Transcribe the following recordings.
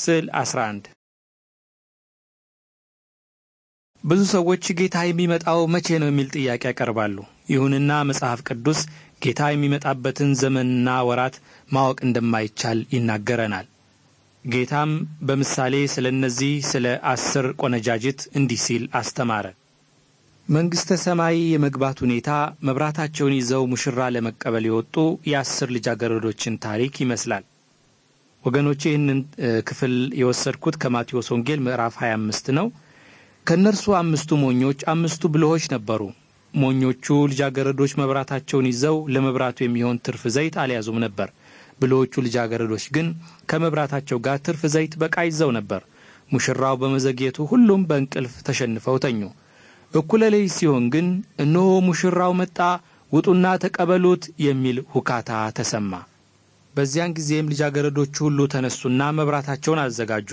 ስዕል 11 ብዙ ሰዎች ጌታ የሚመጣው መቼ ነው የሚል ጥያቄ ያቀርባሉ። ይሁንና መጽሐፍ ቅዱስ ጌታ የሚመጣበትን ዘመንና ወራት ማወቅ እንደማይቻል ይናገረናል። ጌታም በምሳሌ ስለ እነዚህ ስለ አስር ቆነጃጅት እንዲህ ሲል አስተማረ። መንግሥተ ሰማይ የመግባት ሁኔታ መብራታቸውን ይዘው ሙሽራ ለመቀበል የወጡ የአስር ልጃገረዶችን ታሪክ ይመስላል። ወገኖቼ ይህንን ክፍል የወሰድኩት ከማቴዎስ ወንጌል ምዕራፍ 25 ነው። ከእነርሱ አምስቱ ሞኞች፣ አምስቱ ብልሆች ነበሩ። ሞኞቹ ልጃገረዶች መብራታቸውን ይዘው ለመብራቱ የሚሆን ትርፍ ዘይት አልያዙም ነበር። ብልሆቹ ልጃገረዶች ግን ከመብራታቸው ጋር ትርፍ ዘይት በቃ ይዘው ነበር። ሙሽራው በመዘግየቱ ሁሉም በእንቅልፍ ተሸንፈው ተኙ። እኩለ ሌሊት ሲሆን ግን እነሆ ሙሽራው መጣ፣ ውጡና ተቀበሉት የሚል ሁካታ ተሰማ። በዚያን ጊዜም ልጃገረዶቹ ሁሉ ተነሱና መብራታቸውን አዘጋጁ።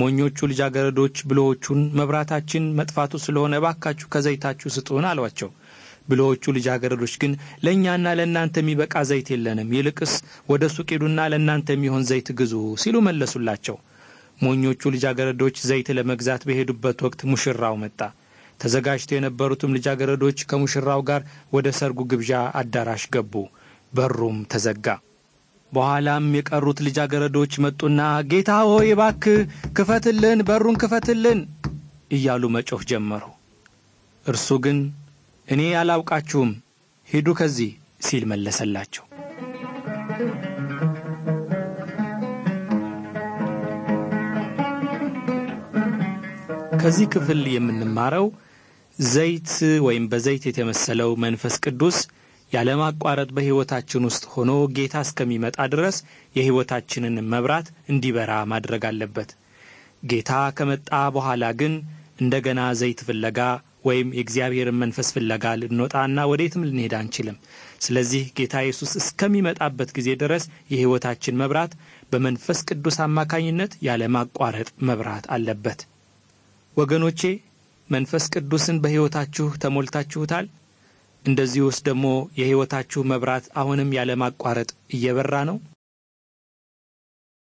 ሞኞቹ ልጃገረዶች ብልሆቹን መብራታችን መጥፋቱ ስለሆነ እባካችሁ ከዘይታችሁ ስጡን አሏቸው። ብልሆቹ ልጃገረዶች ግን ለእኛና ለእናንተ የሚበቃ ዘይት የለንም፣ ይልቅስ ወደ ሱቅ ሂዱና ለእናንተ የሚሆን ዘይት ግዙ ሲሉ መለሱላቸው። ሞኞቹ ልጃገረዶች ዘይት ለመግዛት በሄዱበት ወቅት ሙሽራው መጣ። ተዘጋጅተው የነበሩትም ልጃገረዶች ከሙሽራው ጋር ወደ ሰርጉ ግብዣ አዳራሽ ገቡ። በሩም ተዘጋ። በኋላም የቀሩት ልጃገረዶች መጡና ጌታ ሆይ ባክ ክፈትልን፣ በሩን ክፈትልን እያሉ መጮህ ጀመሩ። እርሱ ግን እኔ አላውቃችሁም፣ ሂዱ ከዚህ ሲል መለሰላቸው። ከዚህ ክፍል የምንማረው ዘይት ወይም በዘይት የተመሰለው መንፈስ ቅዱስ ያለማቋረጥ በሕይወታችን ውስጥ ሆኖ ጌታ እስከሚመጣ ድረስ የሕይወታችንን መብራት እንዲበራ ማድረግ አለበት። ጌታ ከመጣ በኋላ ግን እንደገና ዘይት ፍለጋ ወይም የእግዚአብሔርን መንፈስ ፍለጋ ልንወጣና ወዴትም ልንሄድ አንችልም። ስለዚህ ጌታ ኢየሱስ እስከሚመጣበት ጊዜ ድረስ የሕይወታችን መብራት በመንፈስ ቅዱስ አማካኝነት ያለማቋረጥ መብራት አለበት። ወገኖቼ መንፈስ ቅዱስን በሕይወታችሁ ተሞልታችሁታል? ውስጥ ደግሞ የሕይወታችሁ መብራት አሁንም ያለማቋረጥ እየበራ ነው።